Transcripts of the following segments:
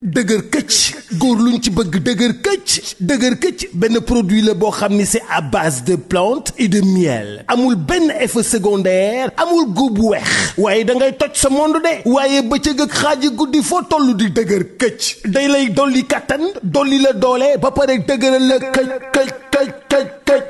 dëgër këcc góor luñ ci bëgg dëgër këcc dëgër këcc benn produit la boo xam ni c'est à base de plantes et de miel amul benn effet secondaire amul góob bu weex waaye da ngay toj sa monde de waaye bëccëg ak xaaji guddi foo toll di dëgër këcc day lay dolli kattan dolli la doole ba pare dëgëral la këcc këcc këcc këcc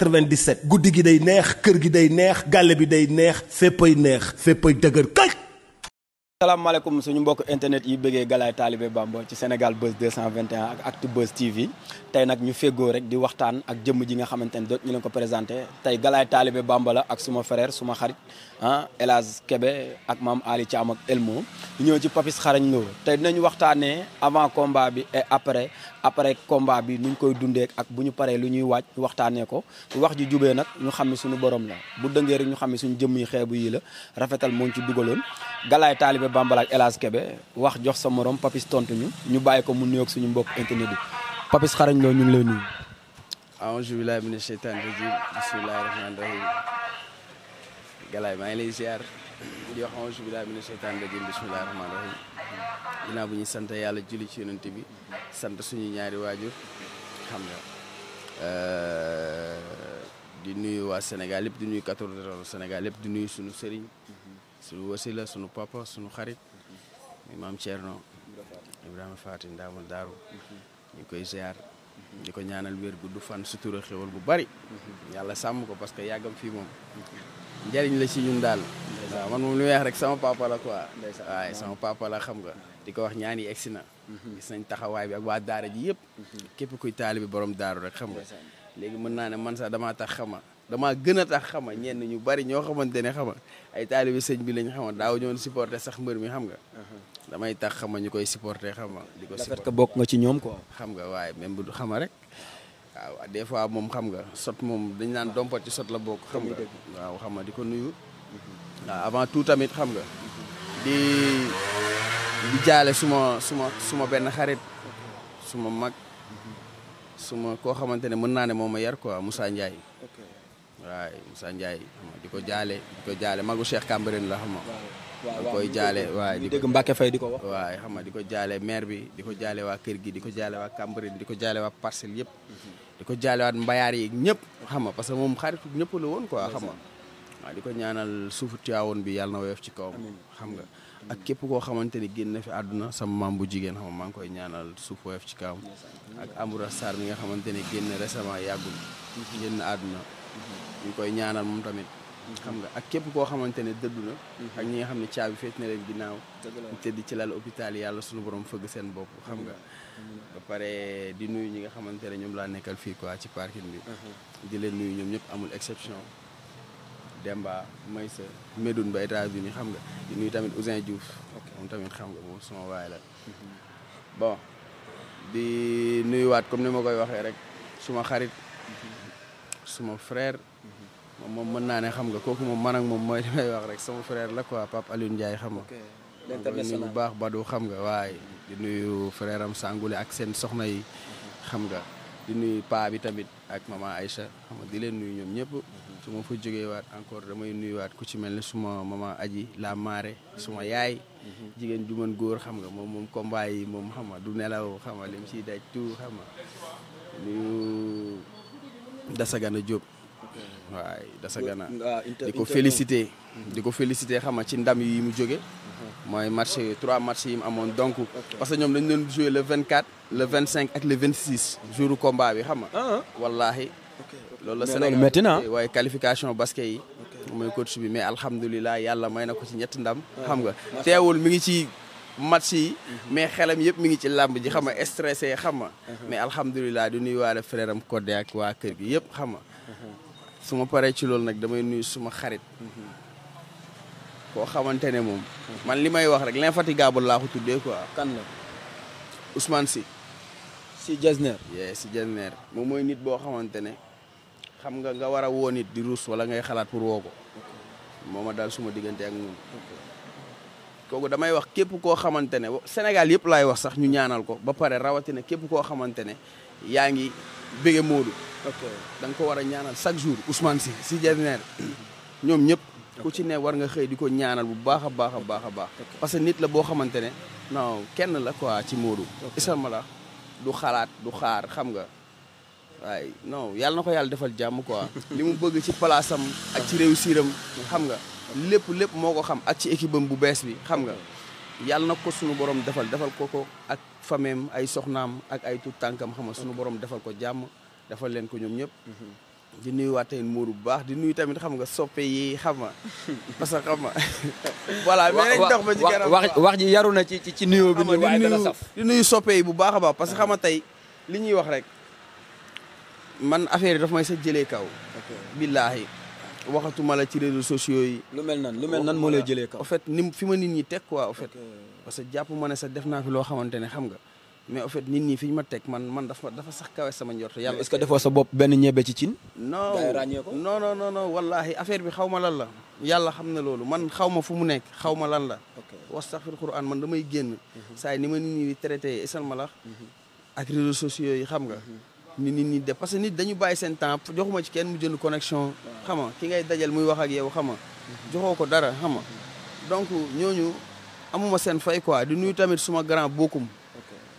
97 guddi gi day neex kër gi day neex gàlle bi day neex féppay neex féppay dëgër kay suñu mbokk internet yi bëggee galaay Talibé Bamba ci Sénégal Buzz 221 ak Actu Buzz TV tey nag ñu féggoo rek di waxtaan ak jëmm ji nga xamante ne doot ñu ne ko présenté tey Galaye Talibé Bamba la ak suma frère suma xarit ah El Kebe ak maam Ali Thiam ak Elmo ñëw ci Papis Xarañ Lo tey dinañ waxtaanee avant combat bi et après après combat bi nuñ koy dundee ak bu ñu paree lu ñuy waaj waxtaanee ko wax ji jubee nag ñu xam ne suñu borom la bu dëngee ñu xam ne suñu jëmm yi xeebu yii la rafetal moo ci dugaloon. Galaay Taalibe Bambala ak Kebe wax jox sa morom Papis tontu ñu ñu bàyyi ko mu nuyoog suñu mbokk internet bi Papis Xarañ loo ñu ngi lay nuyu. a'uuzu billaahi mina shaytaani rajiim Galaye maa ngi lay ziar di wax auzu billaahi mina sheytaani rajiim bismillaahi rahmaani rahiim ginnaaw bu ñuy sant yàlla julli ci yonent bi sant suñu ñaari waajur xam nga euh, di nuyu waa Sénégal yëpp di nuyu 14 Sénégal yëpp di nuyu suñu sëriñ suñu wasila suñu papa suñu xarit maam Thierno Ibrahima Faty Ndaamul Daaru ñu koy ziar. di ko ñaanal wér gudd fan sutura xéwal bu bari. yàlla sàmm ko parce que yàggam fii moom. njëriñ la si ñun daal. waaw man moom li may rek sama papa la quoi. waaye sama papa xam nga. di ko wax ñaan yi egsi na. Mhm. gis nañ taxawaay bi ak waa daara ji yëpp. Mhm. képp kuy taalibi borom daaru rek xam nga. léegi mën naa ne man sax damaa tax xama damaa gën a tax xama ñenn ñu bari ñoo xamante ne xama ay taalibi sëñ bi lañ xama daaw ñoon supporté sax mbër mi xam nga. Mhm. damay tax xama ñu koy supporté xama di ko supporté bokk nga ci ñoom quoi. xam nga waaye même bu xama rek. waaw des fois moom xam nga sot moom dañ naan dompat ci sot la bokk. xam nga waaw xam nga di ko nuyu. waaw avant tout tamit xam nga. di jaale suma suma suma benn xarit. suma mag. suma koo xamante ne mën naa ne moom a yar quoi Moussa Ndiaye. ok waaw Moussa Ndiaye xam nga di ko jaale di ko jaale magu Cheikh Cambérène la xam nga. waaw koy jaale waaw di dégg Mbacke di ko wax. waaw xam nga di ko jaale maire bi di ko jaale waa kër gi di ko jaale waa Cambérène di ko jaale parcelle yëpp. Mhm. ko jaalewaat mbayaar yi ñëpp xam nga parce que moom xaritu ñëpp la woon quoi xam nga di ko ñaanal suufu Tiwaawoon bi yàlla na woyof ci kawam xam nga ak képp koo xamante ni génn na fi àdduna sama maam bu jigéen maa ngi koy ñaanal suuf woyof ci kawam ak Amoura Sarr mi nga xamante ni génn récemment yàggul génn àdduna ñu koy ñaanal moom tamit xam nga ak képp koo xamante ne dëddu na ak ñi nga xam ne caabi feet na leen ginnaaw tëdd ci lal hôpital yàlla suñu borom fëgg seen bopp xam nga ba pare di nuyu ñi nga xamante ne ñoom laa nekkal fii quoi ci parking bi. Mhm. di leen nuyu ñoom ñëpp amul exception. Demba Maysa Medoune ba États-Unis xam nga di nuyu tamit Ousin Diouf. moom tamit xam nga moom sama waay la. Mhm. bon di nuyuwaat comme ni ma koy waxee rek suma xarit. Mhm. suma frère. moom moom mën naa ne xam nga kooku moom man ak moom mooy li wax rek sama frère la quoi Pape Alioune Ndiaye xam nga. l'international bu baax Badou xam nga waaye di nuyu frère am ak seen soxna yi xam nga di nuyu paa bi tamit ak maman Aïcha xam nga di leen nuyu ñoom ñëpp su ma fa jógee waat encore damay nuyuwaat ku ci mel ni suma maman aji la maare suma yaay jigéen ju mën góor xam nga moom moom combat yi moom xam du nelaw xam nga lim siy daj tout xam nga nuyu Dasagana Diop waaye Dasagana ah, di ko félicité di xam ci ndam yi mu jóge mooy marché yi trois marchés yi mu amoon donc. parce que ñoom dañu doon jouer le 24 le 25 ak le 26 jouru combat bi xam nga. Ah, ah. wallaahi. loolu la Sénégal métti na waaye qualification basket yi. mooy cot bi mais alhamdulilah yàlla may na ko ci ñetti ndam. Ah, xam nga teewul mi ngi ci match yi. Mhm. mais xelam yëpp mi ngi ci làmb ji xam nga stressé xam nga. Mhm. mais alhamdulilah du nuyuwaale frère am Codé ak waa kër bi yëpp xam nga. Mhm. su paree ci loolu nag damay nuyu suma xarit. koo xamante ne moom. man li may wax rek l'infatigable laa ko tuddee quoi. kan la Ousmane si si Diasner. yee Sy Diasner moom mooy nit boo xamante ne xam nga nga war a woo nit di ruus wala ngay xalaat pour woo ko. moo ma daal suma diggante ak moom. kooku damay wax képp koo xamante ne Sénégal yëpp laay wax sax ñu ñaanal ko ba pare rawatina képp koo xamante ne yaa ngi bége Modou. ok da nga ko war a ñaanal chaque jour Ousmane si si Diasner ñoom ñëpp. ku ci ne war nga xëy di ko ñaanal bu baax a baax a baax a baax parce que nit la boo xamante ne non kenn la quoi ci Modou isama la du xalaat du xaar xam nga waaye non yàlla na ko yàlla defal jàmm quoi li mu bëgg ci palaasam am ak ci réussir xam nga lépp lépp moo ko xam ak ci équipe am bu bees bi xam nga yàlla na ko sunu borom defal defal ko ko ak fameem ay soxnaam ak ay tuut tànkam xam nga sunu borom defal ko jàmm defal leen ko ñoom ñëpp mhm. di nuyu waa tamit Mourou bu baax di nuyu tamit xam nga soppe yi xam nga parce que xam nga voilà mais nañ dox ba ci wax wax ji yaru na ci ci nuyoo bi waaye dana saf nuyu soppe yi bu baax a baax parce que xam tey li ñuy wax rek man affaire yi daf may sa jëlee kaw billaahi waxatuma la ci réseaux sociaux yi lu mel nan lu mel nan moo lay jëlee kaw en fait ni fi ma nit ñi teg quoi en fait parce que jàpp ma ne sa def naa fi loo xamante ne xam nga mais en fait nit ñi fi ñu ma teg man man dafa dafa sax kawe sama njort yàlla. est-ce que defoo sa bopp benn ñebe ci cin. non non non non wallaahi affaire bi xaw ma lan la. yàlla xam na loolu man xaw ma fu mu nekk xaw ma lan la. sax wastaxfir quran man damay génn. Mhm. saa yi ni ma nit ñi di traité isal ma la mhm. ak réseaux sociaux yi xam nga. Mhm. ni nit ñi def parce que nit dañu bàyyi seen temps joxuma ci kenn mu jënd connexion. xam nga ki ngay dajal muy wax ak yow xam joxoo ko dara xama nga donc ñooñu amuma seen fay quoi di nuyu tamit suma grand bokkum.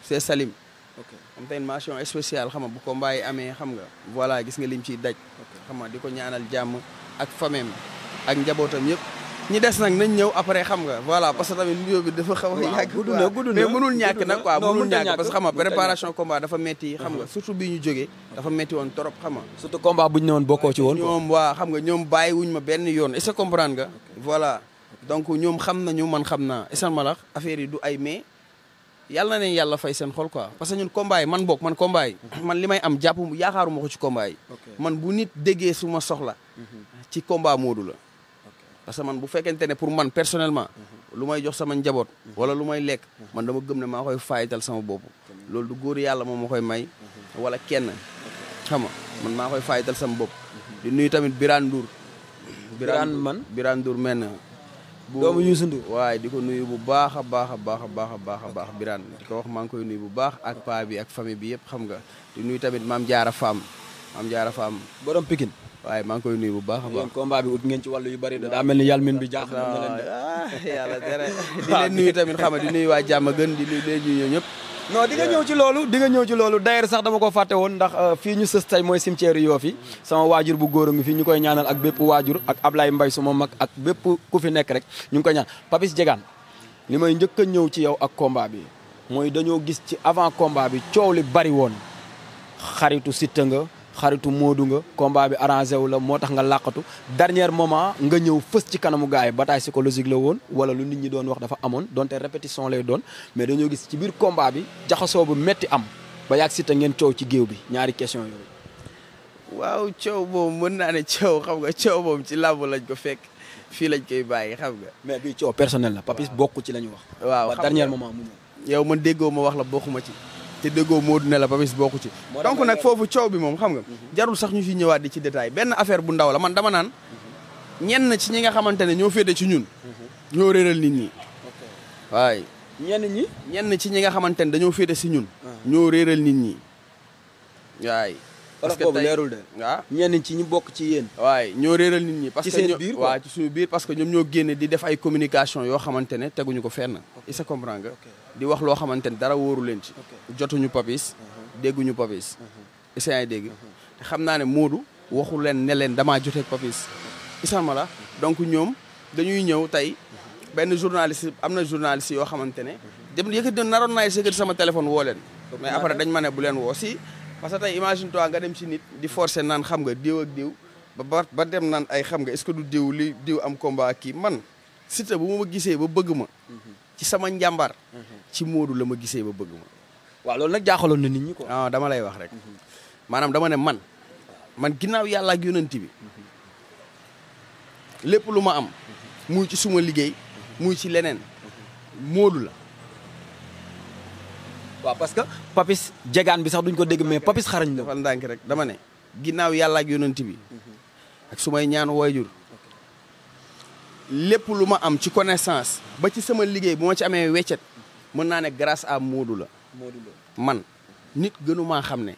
c'est Salim. ok am tey bu ko mbaay amee xam nga. voilà gis nga lim ciy daj. xam nga di ko ñaanal jàmm ak famem ak njabootam yëpp. ñi des nag nañ ñëw après xam nga voilà parce que tamit vidéo bi dafa xaw a yàgg. gudd ñàkk nag quoi mënul ñàkk parce que xam nga préparation combat dafa metti xam nga surtout bi ñu jógee. dafa metti woon trop xam nga. surtout combat bu ñu ne woon bokkoo ci woon. ñoom waa xam nga ñoom bàyyiwuñ ma benn yoon est-ce nga. voilà donc ñoom xam nañu man xam na est-ce ma la affaire yi du ay mais yàlla nañ yàlla fay seen xol quoi parce que ñun combat yi man bokk man combat man li may am jàpp yaakaaruma ko ci combat man bu nit déggee suma soxla mhm. ci combat Modou la parce que man bu fekkente ne pour man personnellement mhm. lu may jox sama njaboot mhm. wala lu may lekk man dama gëm ne maa koy fayital sama bopp loolu du góor yàlla moom ma koy may wala kenn xam nga man maa koy fayital sama bopp di nuyu tamit Birane Ndour Birane man Birane Ndour men doomu Youssou Ndour waaye di ko nuyu bu baax a baax a baax a baax a baax a baax Birane di ko wax maa ngi koy nuyu bu baax ak paa bi ak famille bi yëpp xam nga di nuyu tamit maam jaara faam maam jaara faam borom Pikine waaye maa koy nuyu bu baax a baax combat bi ut ngeen ci wàllu yu bari daa mel ni yàlla min bi jaaxal na leen ah, tamit xam nga di nuyu waa jàmm gën di nuyu leen ñëpp non di nga ñëw ci loolu di nga ñëw ci loolu d'ailleurs sax dama ko fàtte woon ndax euh, fii ñu sës tey mooy cimetière Yoff yi sama waajur bu góor a ngi fii ñu koy ñaanal ak bépp waajur ak Ablaye Mbaye suma mag ak bépp ku fi nekk rek ñu ngi koy ñaan Papis Diegane li may njëkk a ñëw ci yow ak combat bi mooy dañoo gis ci avant combat bi coow li bari woon xaritu Siteu nga xaritu Modou nga combat bi arrangé wu la moo tax nga làqatu dernier moment nga ñëw fës ci kanamu gars yi bataille psychologique la woon wala lu nit ñi doon wax dafa amoon donte répétition lay doon mais dañoo gis ci biir combat bi jaxasoo bu metti am ba yàgg si ngeen coow ci géew bi ñaari question yooyu. waaw coow boobu mën naa ne coow xam nga coow boobu ci làmb lañ ko fekk fii lañ koy bàyyi xam nga. mais bii coow personnel la. Papis bokk ci la ñu wax. waaw xam nga moment mu ñëw. yow déggoo ma wax la bokkuma ci. te déggoo Modou ne la Papis bokku ci donc nag foofu coow bi moom xam nga jarul sax ñu ci ñëwaat di ci détail benn affaire bu ndaw la man dama naan ñenn ci ñi nga xamante ne ñoo féete ci ñun ñoo réeral nit ñi waaye ñenn ñi ñenn ci ñi nga xamante ne dañoo féete si ñun ah. ñoo réeral nit ñi waay parce que boobu leerul de ah. ci ñi bokk ci yéen waay ñoo réeral nit ñi parce que seen biir waaw ci suñu biir parce que ñoom ñoo génne di def ay communication yoo xamante ne teguñu ko fenn isa comprend nga di wax loo xamante ni dara wóoru leen ci. jotuñu papis uh-huh. dégguñu papis. isaan uh-huh. yi dégg uh-huh. te xam naa ne Moodu waxu leen ne leen damaa joteeg papis. isaan ma la donc ñoom dañuy ñëw tey benn journaliste am na journaliste yoo xamante ne. dem yëkkati naroon naa yëkkati sama téléphone woo leen. mais après dañ ma ne bu leen woo si. parce que tey imagine toi nga dem si nit di forcer naan xam nga diw ak diw ba ba dem naan ay xam nga est du diw li diw am combat kii man Siteu bu ma gisee ba bëgg ma. ci sama njàmbar ci Modou la ma gisee ba bëgg ma waaw loolu nag jaaxaloon na nit ñi ko ah dama lay wax rek mhm. maanaam dama ne man man ginnaaw yàlla ak yonent bi lépp lu ma am muy ci suma liggéey muy ci leneen Modou la waaw parce que papis jegaan bi sax duñ ko dégg mais papis xarañ la. fan ndànk rek dama ne ginnaaw yàlla ak yonent bi ak sumay ñaan waajur lépp lu ma am ci connaissance ba ci sama liggéey bu ma ci amee weccet mën naa ne grâce à Modou la man nit gënumaa xam ne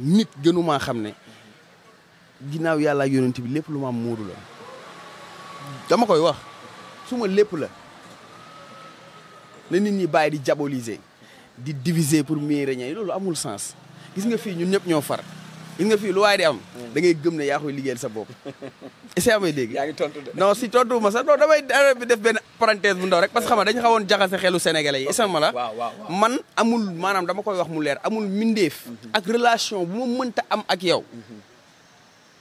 nit gënumaa xam ne ginnaaw yàlla yonent bi lépp lu ma am Modou la dama koy wax suma lépp la na nit ñi bàyyi di diaboliser di diviser pour mieux régner loolu amul sens gis nga fii ñun ñëpp ñoo far gis nga fii lu waaye di am da ngay gëm ne yaa koy liggéeyal sa bopp est-ce que may dégg yaa si tontu ma sax non damay bi def benn parenthèse bu ndaw rek parce que xam nga dañu xawoon jaxase xelu sénégalais yi est-ce que ma man amul maanaam dama koy wax mu leer amul mindeef mhm. ak relation bu ma mënta am ak yow mhm.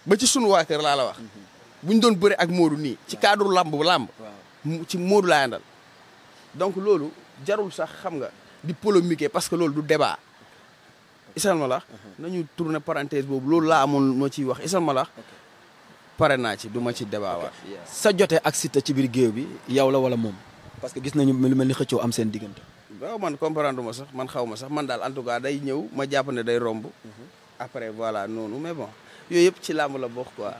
ba ci sunu waa kër laa la wax mhm. buñ doon bëri ak Modou nii ci cadre làmb làmb ci Modou laa àndal donc loolu jarul sax xam nga di polémiquer parce que loolu du débat isal ma laax mhm. nañu tourner parenthèse boobu loolu laa amoon moo ciy wax isal ma laax pare naa ci duma ma ci debaawaat sa jote ak Siteu ci biir géew bi yow la wala moom parce que gis nañu lu mel ni xëccoo am seen diggante waaw man comprendre ma sax man xaw ma sax man daal en day ñëw ma jàpp ne day romb mhm. après voilà noonu mais bon yooyu yëpp ci làmb la bokk quoi.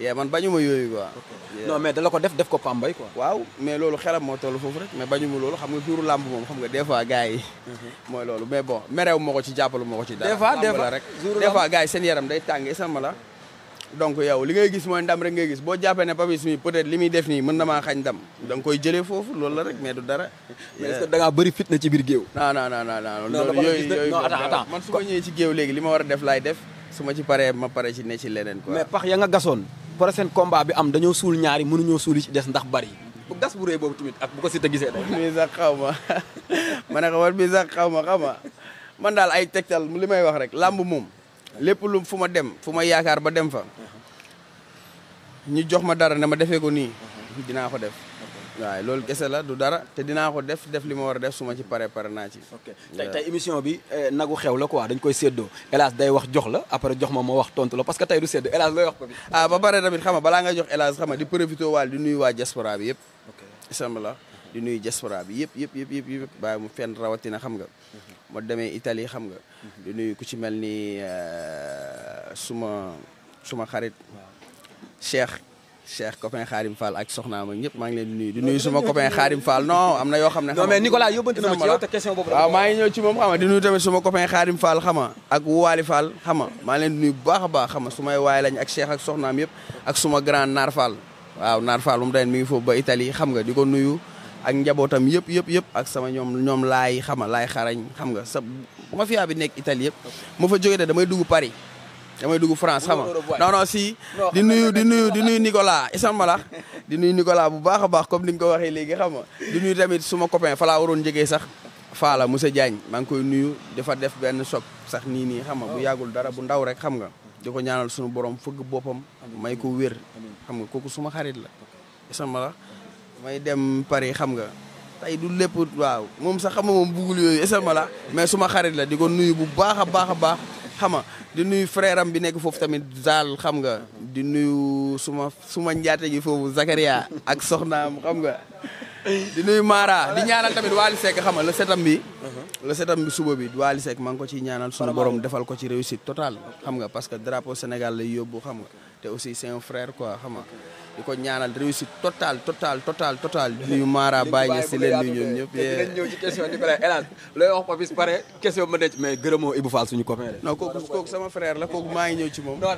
yee man bañuma yooyu quoi. non mais dala ko def def ko Pambay quoi. waaw mais loolu xelam moo toll foofu rek mais bañuma loolu xam nga tuuru lamb moom xam nga des fois gars yi. Mhm. mooy loolu mais bon merew ma ko ci jàppalu ma ko ci. dara làmb la rek des fois seen yaram day tàng sama la. donc yow li nga gis mooy ndam rek nga gis boo jàppee ne Papis mi peut-être li muy def nii mën na ma xañ ndam da koy jëlee foofu loolu la rek mais du dara. mais est fit na ci biir géew. non non non non. non non non non non non non non non non non non non non non su ma ci paree ma pare ci ne ci leneen quoi. mais pax ya nga gasoon. pour seen combat bi am dañoo suul ñaari mënuñoo suul yi ci des ndax bari. bu gas bu rëy boobu tamit ak bu ko Siteu gisee day. sax xaw ma ma ne ko man bii sax xaw ma xaw man daal ay tegtal li may wax rek làmb moom. lépp lu fu ma dem fu ma yaakaar ba dem fa. ñu jox ma dara ne ma defee ko nii. dinaa ko def. waaw loolu kese la du dara te dinaa ko def def li ma war a def suma ci pare pare naa ci. ok émission bi eh, nagu xew la ko quoi dañ koy séddoo hélas day wax jox la après jox ma ma wax tontu la parce que tey du séddoo hélas lay wax ko bi. ah ba pare tamit xam balaa nga jox hélas xam di profité waal di nuyu waa diaspora bi yëpp. ok la di nuyu diaspora bi yëpp yëpp yëpp yëpp bàyyi mu fenn rawatina xam nga. moo mhm. demee Italie xam nga. Mhm. di nuyu ku ci mel nii eh, suma suma xarit. Cheikh. Cheikh copain Xaarim Fall ak soxnaam ak ñëpp maa ngi leen di nuyu suma copain Xaarim Fall non am na yoo xam ne. non mais Nicolas yóbbante na ma ci yow te question boobu. waaw maa nga di nuyu tamit suma copain Xaarim Fall xam nga ak Waly Fall xam nga maa ngi leen di nuyu baax a baax xam nga sumay waay lañ ak Cheikh ak soxnaam yëpp ak suma grand Naar Fall waaw Naar Fall moom tamit mi foofu ba Italie xam nga di ko nuyu ak njabootam yëpp yëpp ak sama ñoom ñoom laay xam xarañ xam nga sa mafia bi nekk Italie yëpp ma fa jógee damay dugg Paris damay dugg France xam nga non non si. di nuyu di nuyu di nuyu Nicolas Issa Mbalax di nuyu Nicolas bu baax a baax comme ni nga ko waxee léegi xam nga di nuyu tamit suma copain falaa laa waroon njëgee sax. Faala monsieur Diagne maa ngi koy nuyu dafa def benn choc sax nii nii xam nga bu oh. yàggul dara bu ndaw rek xam nga. di ko ñaanal suñu borom fëgg boppam. may ko wér. xam nga kooku suma xarit la. Issa Mbalax may dem Paris xam nga. tey du lépp waaw moom sax xam nga moom bugul yooyu Issa mais suma xarit la di ko nuyu bu baax a baax a baax. xam nga di nuyu frère bi nekk foofu tamit Zal xam nga di nuyu suma suma njaate ji foofu Zakaria ak soxnaam xam nga di nuyu Mara di ñaanal tamit Waly Seck xam nga le setam bi le setam bi suba bi Waly Seck maa ngi ko ciy ñaanal suñu borom defal ko ci réussite total xam nga parce que drapeau Sénégal lay yóbbu xam nga te aussi c'est un frère quoi ko ñaanal réussite total total total totale. di nuyu Mara Baye ñu si leen nuyu ñoom ñëpp. dinañ ñëw ci question di pare hélas looy wax Papis pare question bi ma denc mais gërëmoo Ibou suñu copain sama frère la kooku maa ngi ñëw ci moom. non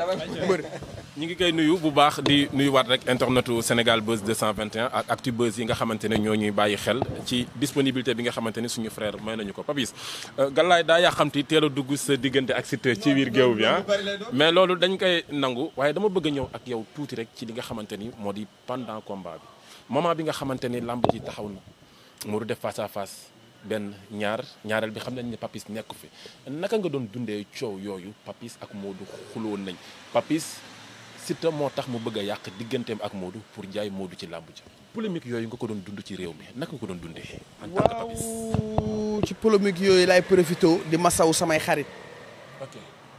ñu ngi koy nuyu bu baax di nuyuwaat rek internetu Sénégal Buzz 221 ak actu buzz yi nga xamante ne ñoo ñuy bàyyi xel ci disponibilité bi nga xamante ne suñu frère may nañu ko Papis euh, Galaye daa yaa xamti teel a dugg sa diggante ak Siteu ci biir géew bi ah loolu dañ koy nangu waaye dama bëgg a ñëw ak yow tuuti rek ci li nga xamante ni moo di pendant combat bi moment bi nga xamante ni làmb ji taxaw na mu def face à benn ñaar ñaareel bi xam nañ ne Papis nekk fi naka nga doon dundee coow yooyu Papis ak moo xuloon nañ Papis Siteu moo tax mu bëgg a yàq digganteem ak Modou pour jaay Modou ci làmb ji polémique yooyu nga ko doon dund ci réew mi naka ko doon dundee. en tant waaw ci polémique yooyu laay profité di masawu samay xarit.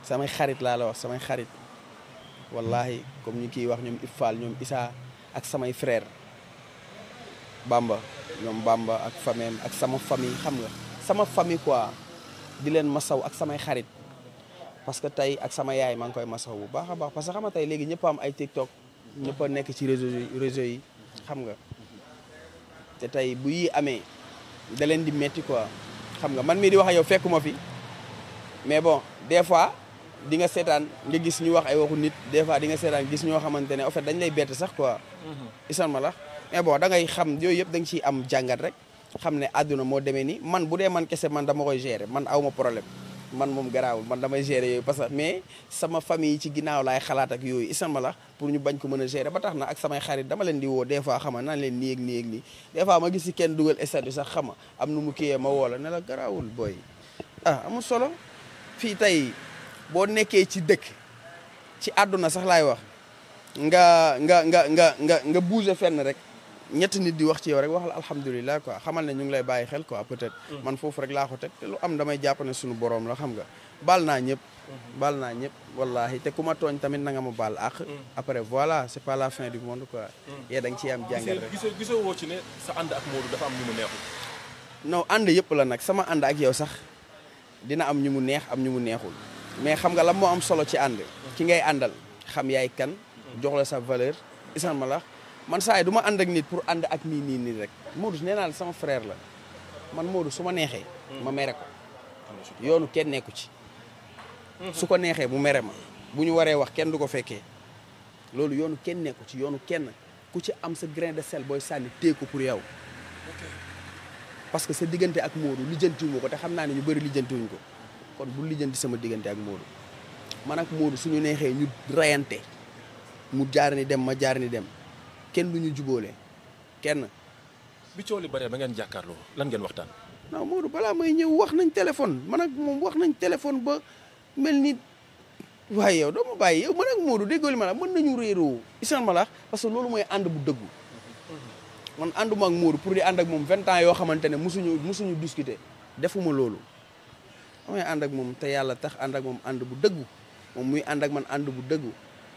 samay xarit laa la wax samay xarit. wallahi comme ñu kiy wax ñoom Ifal ñoom Issa ak samay frère Bamba ñoom bàmba ak fameem ak sama famille xam nga sama famille quoi di leen masaw ak samay xarit. parce que tey ak sama yaay maa ngi koy masaw bu baax a baax parce que xam nga ay TikTok ñëpp a nekk ci réseau réseau yi xam nga te tey bu yi amee da leen di métti quoi xam nga man mii di wax yow fekkuma fi mais bon des fois di nga seetaan nga gis ñu wax ay waxu nit des fois di nga seetaan gis ñoo xamante ne en fait dañ lay bett sax quoi mhm. isan ma lax bon da ngay xam yooyu yëpp danga nga ciy am jàngat rek xam ne àdduna moo demee ni man bu dee man kese man dama koy gérer man aw ma problème man moom garaawul man damay gérer yooyu parce que mais sama famille ci ginnaaw laay xalaat ak yooyu isama la pour ñu bañ ko mën a gérer ba tax na ak samay xarit dama leen di woo des fois xama naan leen nii ak ni ak nii des fois ma gis si kenn dugal statut sax xama am nu mu kiyee ma woo la ne la garaawul booy ah amul solo fii tey boo nekkee ci dëkk ci àdduna sax laay wax nga nga nga nga nga nga bouger fenn rek ñetti nit di wax ci yow rek wax la alhamdulilah quoi xamal ne ñu ngi lay bàyyi xel quoi peut-être. Mm. man foofu rek laa ko teg te lu am damay jàpp ne suñu la xam nga baal naa ñëpp. Mm-hmm. baal naa ñëpp wallahi te ku ma tooñ tamit na nga ma baal ak mm. après voilà c'est pas la fin du monde quoi. Mm. yee da nga ciy rek gisee gisee ne sa ànd ak Modou dafa am ñu neexul. non ànd yëpp la nag sama ànd ak yow sax dina am ñu mu neex am ñu mu neexul mais xam nga lan moo am solo ci ànd. ki ngay àndal xam yaay kan. jox la sa valeur isan la man saay duma ànd ak nit pour ànd ak nii nii nii rek Modou nee naa la sama frère la man Modou su ma neexee. ma mere ko. yoonu kenn nekku ci. su ko neexee mu mere ma bu ñu waree wax kenn du ko fekkee loolu yoonu kenn nekku ci yoonu kenn ku ci am sa grain de sel booy sànni téye ko pour yow. parce que sa diggante ak Modou lijjantiwuma ko te xam naa ne ñu bëri lijjantiwuñ ko kon bu lijjanti sama diggante ak Modou man ak Modou suñu neexee ñu rayante mu jaar ni dem ma jaar dem. kenn du ñu jubóole kenn. bi coow li bare ba ngeen jàkkaarloo lan ngeen waxtaan. non Modou balaa may ñëw wax nañ téléphone man ak moom wax nañ téléphone ba mel ni waaye yow doo ma bàyyi yow man ak Modou déggoo li ma la mën nañu réeroo. isaan ma la que loolu mooy ànd bu dëggu man ànduma ak Modou pour di ànd ak moom vingt ans yoo xamante ne musuñu musuñu discuter defuma loolu. damay ànd ak moom te yàlla tax ànd ak moom ànd bu dëggu moom muy ànd ak man ànd bu dëggu.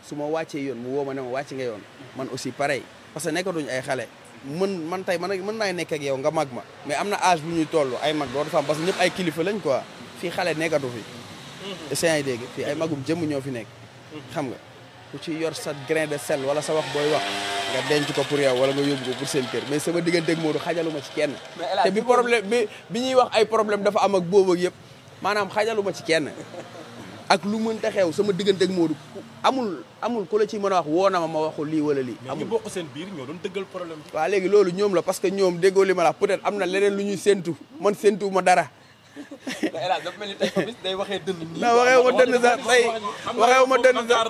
su ma wàccee yoon mu woo ma ne ma wàcc nga yoon man aussi pareil parce que nekkatuñu ay xale mën man tey man mën naa nekk yow nga mag ma mais am na âge bu ñuy toll ay mag dootu fa am parce que ñëpp ay kilifa lañ quoi fii xale nekkatu fi mhm. seen ay dégg fii ay magum jëmm ñoo fi nekk mhm. xam nga ku ci yor sa grain de sel wala sa wax booy wax nga denc ko pour yow wala nga yóbbu ko pour seen kër mais sama digganteeg Modou xajaluma ci kenn te bi problème bi bi ñuy wax ay problème dafa am ak boobu yëpp maanaam xajaluma ci kenn ak lu mënta xew sama diggante ak Modou amul amul ku la ci mën a wax woo na ma ma waxul lii wala lii. amul mais bokk seen biir ñoo doon dëggal problème bi. waaw léegi loolu ñoom la parce que ñoom déggoo li ma la wax peut-être am na leneen lu ñuy séntu man séntu ma dara. te El Hadj dafa mel ni day waxee dënn. non waxee wu ma dënn sax tey waxee wu ma dënn sax.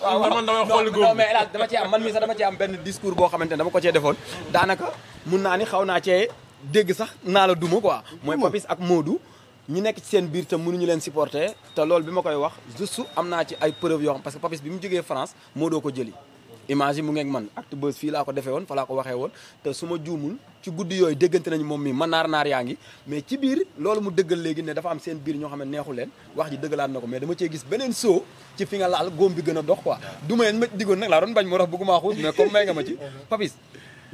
waaw man damay xool mais El Hadj dama cee am man mii sax dama cee am benn discours boo xamante ne dama ko cee defoon. daanaka mun naa ni xaw naa cee dégg sax naa la duma quoi. mooy Papis ak Modou ñu nekk ci seen biir te mënuñu leen supporter te lool bi ma koy wax juste am naa ci ay preuve yoo xam parce que Papis bi mu jógee France moo doo ko jëli image yi mu ngeeg man acte fii laa ko defee woon fa laa ko waxee woon te su ma juumul ci guddi yooyu déggante nañu moom mi ma naar naar yaa ngi mais ci biir loolu mu dëggal léegi ne dafa am seen biir ñoo xam ne neexu leen wax ji dëggalaat na ko mais dama cee gis beneen soo ci fi nga laal góom a dox quoi du ma leen ma digoon nag laa doon bañ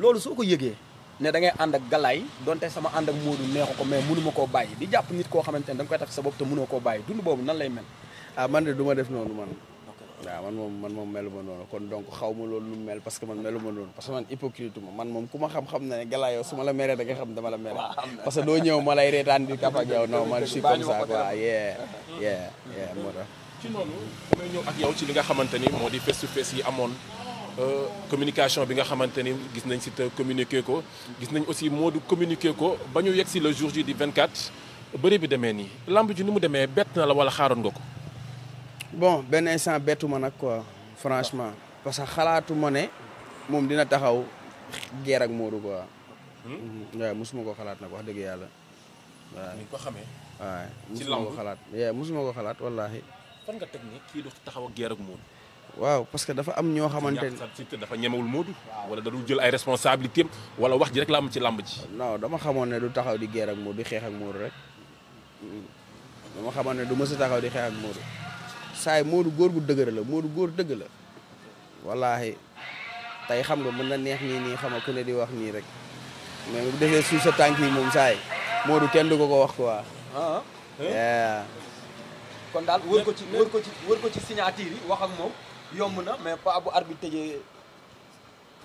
moo soo ko yëgee ne da ngay ànd ak galaay donte sama ànd ak Modou neexu ko mais mënu ma koo bàyyi di jàpp nit koo xamante ne da nga koy def sa bopp te mënoo koo bàyyi dund boobu nan lay mel. ah man de du ma def noonu man. waaw kon donc xaw ma loolu nu mu mel parce que man melu ma noonu parce que man hypocrite ma man moom ku ma xam-xam na ne gala yow su ak yow non moo li nga xamante ni moo di face to face yi amoon communication bi nga xamante ni gis nañ si te communiqué ko gis nañ aussi moo du communiqué ko ba ñu yegg si le jour ji di 24 bëri bi demee nii lamb ji ni mu demee bett na la wala xaaroon nga ko. bon benn instant bettu ma nag quoi franchement parce que xalaatu ma ne moom dina taxaw guerre ak Modou quoi. waaw hmm? hmm? mosuma ko xalaat nag wax dëgg yàlla. waaw ni ko xamee. waaw mosuma xalaat waaw mosuma ko xalaat wallaahi. fan nga teg ni kii du taxaw ak guerre ak Modou. waaw parce que dafa am ñoo xamante ne dafa ñemewul Modou. wala da du jël ay responsabilités wala wax ji rek la am ci làmb ci. non dama xamoon ne du taxaw di geer ak moo di xeex ak Modou rek mm. xamoon ne du mës taxaw di xeex ak saay Modou góor gu dëgër la Modou góor dëgg la wallaahi tey xam nga mën na neex nii nii xama nga ku ne di wax nii rek mais bu defee suuf sa tànk yi moom saay Modou kenn du ko ko wax quoi. Ah, ah, kon daal ko ci wër ko ci wër yi wax ak moom. yomb na mais pas bu arbitre tëjee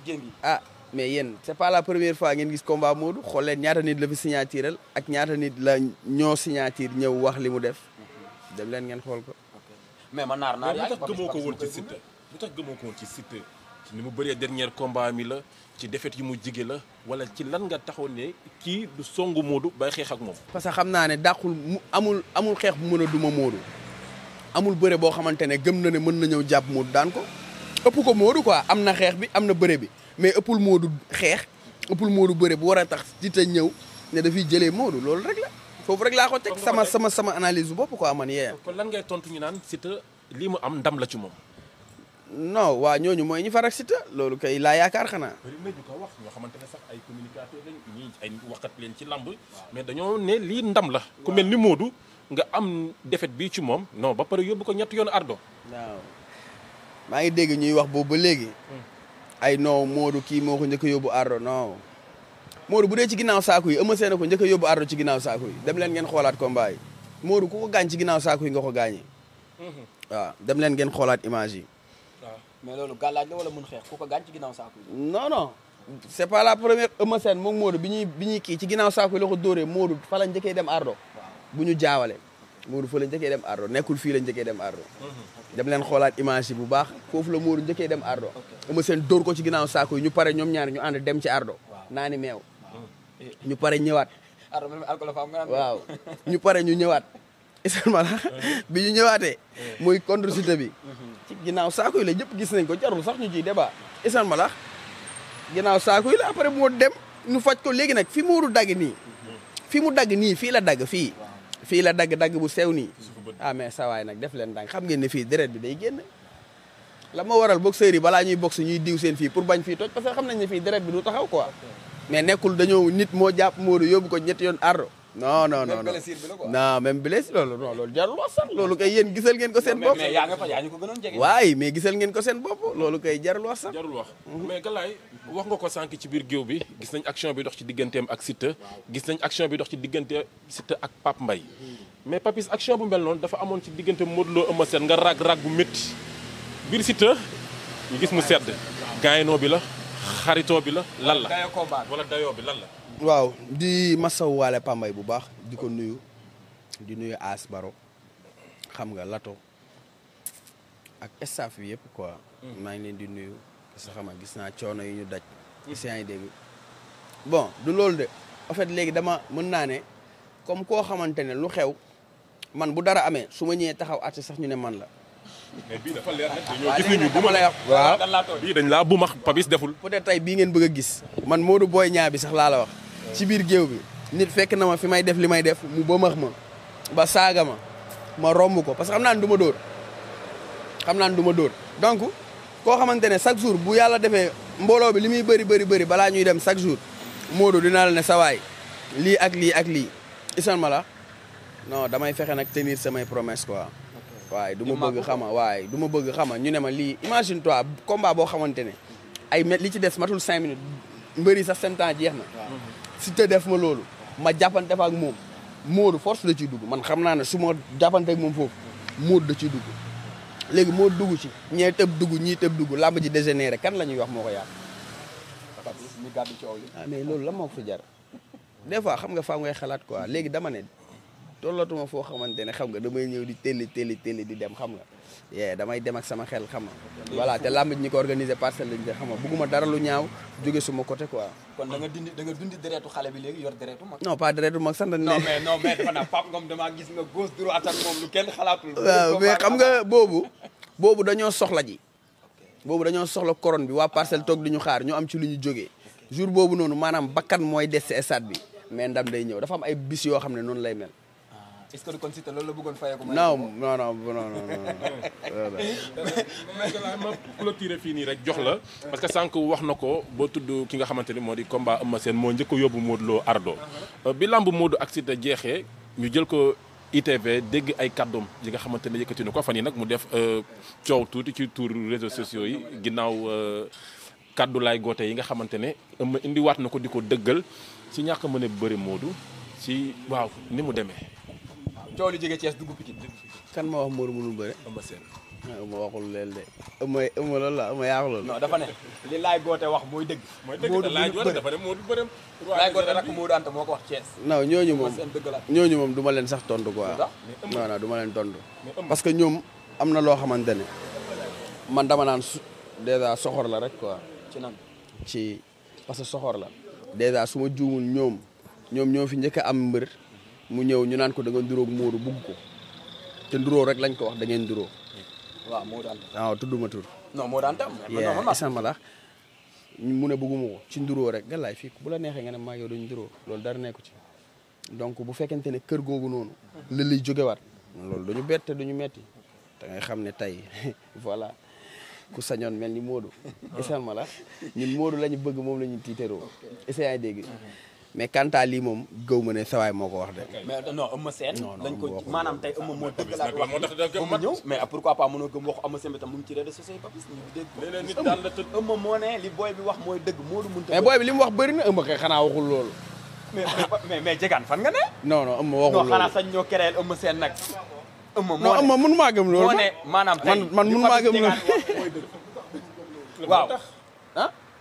jéem ah, mais yéen c' est pas la première fois ngeen gis combat Modou xool leen ñaata nit la fi signatural ak ñaata nit la ñoo signature ñëw wax li mu def dem leen ngeen xool ko. mais ma naar naar yaa ngi tax gëmoo ko woon ci Siteu lu tax gëmoo ko woon ci Siteu ci ni mu bëree dernier combat mi la ci défaite yi mu jige la wala ci lan nga taxoon ne kii du songu moodu bay xeexak ak moom. parce que xam naa ne dàqul mu amul amul xeex bu mën a duma Modou. amul bëre boo xamante ne gëm na ne mën na ñëw jàpp Modou daan ko ëpp ko Modou quoi am na xeex bi am na bëre bi mais ëppul moodu xeex ëppul lu bëre bu war a tax di te ñëw ne dafiy jëlee Modou loolu rek la foofu rek laa ko teg sama sama sama analyse bu ko quoi man yee. kon lan ngay tontu ñu naan Siteu lii mu am ndam la ci moom. non waa ñooñu mooy ñi faral Siteu loolu kay laa yaakaar xanaa. bëri ko wax ñoo xamante ne sax ay communicateur lañ leen ci lamb mais dañoo ne lii ndam la. ku mel ni moodu nga am defet bi ci moom non ba pare yóbbu ko ñett yoon ardo maa ngi dégg ñuy wax boobu ba léegi hmm. ay non Modou kii moo ko njëkk a yóbbu ardo non Modou bu dee ci ginnaaw saako yi Eumeu Sène ko njëkk a yóbbu ci ginnaaw saako yi dem leen ngeen xoolaat combat yi ku ko gaañ ci ginnaaw saako yi nga ko gaañee hmm. waaw dem leen ngeen xoolaat image yi mais loolu gàllaaj la wala mun xeex ku ko gaañ ci ginnaaw saako yi non la première Eumeu Sène moom Modou bi ñuy bi ñuy kii ci ginnaaw saako yi la ko dóoree Modou fa la njëkkee dem ardo bu ñu jaawale Modou fa la njëkkee dem Ardo nekkul fii la njëkkee dem Ardo dem leen xoolaat image bu baax foofu la Modou njëkkee dem Ardo ama seen dóor ko ci ginnaaw saako yi ñu pare ñoom ñaar ñu ànd dem ci Ardo naa ni meew hmm. eh. ñu pare ñu pare ñu ñëwaat esseulement la hmm. bi ñu ñëwaatee eh. muy contre cité bi hmm. ci ginnaaw saako yi la ñëpp nañ ko jarul sax ñu ciy débat esseulement la ginnaaw saako yi la après moo dem ñu faj ko léegi nag fi Modou dag nii fi mu dag nii fii la dag fii fii la dagg-dagg bu sew nii ah mais sa waay nag def leen dang xam ngeen ne fii deret bi day génn la ma waral boxeurs yi balaa ñuy boxe ñuy diw seen fii pour bañ fi toj parce que xam nañ ne fii deret bi du taxaw quoi mais nekkul dañoo nit moo jàpp Modou yóbbu ko ñetti yoon ar non non non même blessé loolu non loolu jarul wax sax loolu kay yéen gisal ngeen ko seen bopp. mais yaa nga fa yaa ñu ko gënoon jege. waay mais gisal ngeen ko seen bopp loolu kay jarul wax sax. Mhm. wax nga ko sànq ci biir géew bi gis nañ action bi ndox ci digganteem ak Siteu gis nañ action bi dox ci diggante Siteu ak Pape mbay mais Papis action bu mel noonu dafa amoon ci diggante Modou loo Eumeu Sène nga rag rag gu métti biir Siteu ñu gis mu sedd. gaynoo bi la xarito bi la lan la. wala dayoo bi lan la. waaw di masaw waale Pambay bu baax di ko nuyu di nuyu As Baro xam nga Lato ak staff bi yëpp quoi. Mm. maa ngi leen di nuyu parce que xam gis naa coono yi ñu daj. Mm. si yi ngi bon du loolu de en fait léegi dama mën naa ne comme koo xamante ne lu xew man bu dara amee su ma ñëwee taxaw at sax ñu ne man la. mais ma lay wax waaw bii dañ laa bu max pabis deful. peut te tey bii ngeen bëgg a gis man Modou Boy Niang bi sax laa la wax. ci biir géew bi nit fekk na ma fi may def li may def mu boo bëmax ma ba saaga ma ma romb ko parce que xam naa ne du ma dóor xam naa ne du ma dóor donc koo xamante ne chaque jour bu yàlla defee mbooloo bi li muy bëri bëri bëri balaa ñuy dem chaque jour Modou dinaa la ne sawaay lii ak lii ak lii isan ma la non damay fexe nag tenir samay promesse quoi waaye du ma bëgg xama waaye du ma bëgg xama ñu ne ma lii imagine toi combat boo xamante ne ay li ci des matul cinq minutes mbëri sax seen temps jeex Siteu def ma loolu ma jàppante fa ak moom Modou force da ciy dugg man xam naa ne suma ma moom foofu Modou da ciy dugg léegi moo dugg ci ñee tëb dugg ñii tëb dugg làmb ji dégénéré kan la ñuy wax moo ko yàq ah mais loolu la moo ko fi jar des fois xam nga faa ngay xalaat quoi léegi dama ne tollatuma foo xamante ne xam nga damay ñëw di telli telli telli di dem xam nga dem ak sama xel xam nga voilà te làmb ñi ko organisé parcelle lañ xam nga bugguma dara lu ñaaw jóge suma côté quoi kon da nga dindi da nga dundi deretu xale bi léegi yor deretu mag non pas deretu mag sant ne non mais gis nga gauche droite ak moom lu waaw mais xam nga boobu boobu dañoo soxla ji boobu dañoo soxla koron bi waa parcelle ah. toog di ñu xaar ñu am ci lu ñu jógee jour boobu noonu maanaam bakkan mooy des ci bi mais ndam day ñëw dafa am ay bis yoo xam ne noonu lay mel est-ce que kon Siteu loolu la bëggoon fayee ko. non non non non non ma clôturer fii nii rek jox la. parce que sànq wax na ko boo tudd ki nga xamante ni moo di combat Eumeu Sène moo njëkk a yóbbu Modou Lo Ardo. bi lamb Modou ak Siteu jeexee ñu jël ko ITV dégg ay kàddoom yi nga xamante ne yëkkati na ko fan yi nag mu def coow tuuti ci tour réseaux sociaux yi ginnaaw kàddu laay goote yi nga xamante ne Eumeu indiwaat na ko di ko dëggal ci ñàkk a mën a bëri Modou ci waaw ni mu demee. coow lu jógee Thiès dugg Pikine kan ma wax Mourou mënul bëre. Eumeu Sène. Ah, Eumeu waxul leel de. Eumeu Eumeu loolu la Eumeu yaaxu loolu. wax mooy dëgg. mooy dëgg te laay moo ko wax Thiès. non ñooñu moom ñooñu moom du ma leen sax tontu quoi. non non du leen tontu. parce que ñoom am na loo xamante ne man dama naan su dèjà soxor la rek quoi. ci parce que soxor la. dèjà su ma juumul ñoom ñoom fi njëkk am mbër mu ñëw ñu naan ko da nga nduróog Modou bugg ko te nduróo rek lañ ko wax dangeen ngeen nduróo. waaw moo daan tam waaw tudduma tur. non moo daan tam. la mu ne bëgguma ko ci nduróo rek gàllaay fii bu la neexee nga ne maa yow duñ loolu dara nekku ci donc bu fekkente ne kër googu noonu. la liy jógewaat. loolu duñu bett duñu metti da ngay xam ne tey voilà ku sañoon mel ni Modou. isaan ma la ñun Modou lañu bëgg moom la ñu tiiteroo. ok mais quant lii moom gëw ma ne sawaay moo ko wax de. mais euh, non Eumeu Sène. lañ ko maanaam tey Eumeu moo dëggalaat euh, wax mooy dëgg Modou mënta mais booy wax bëri na Eumeu kay xanaa mais mais jegaan fan ne non non Eumeu waxul loolu non xanaa sañ ñoo kereel Eumeu Sène nag Eumeu moo ne non Eumeu mënu maa gëm loolu maanaam man man mënu maa gëm loolu waaw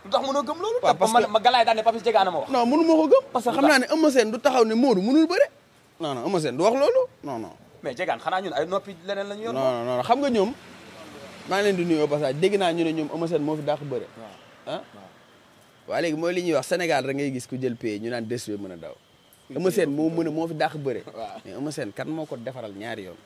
lu tax mënoo gëm loolu. waaw parce que ma galaay daal ne Papis Diegane ma wax. non mënu ma ko gëm. parce que xam naa ne du taxaw ne Modou mënul bëre. non non Eumeu du wax loolu non non. mais Diegane xanaa ñun ay noppi leneen la ñu yor. non non xam nga ñoom maa ngi leen di nuyoo parce que dégg naa ñu ne ñoom Eumeu Sène moo fi dàq bëre. ah waaw léegi mooy li ñuy wax Sénégal rek ngay gis ku jël paie ñu naan des bi mën a daw. Eumeu Sène moo mën a moo fi dàq bëre. waaw mais Eumeu kan moo ko defaral ñaari yoon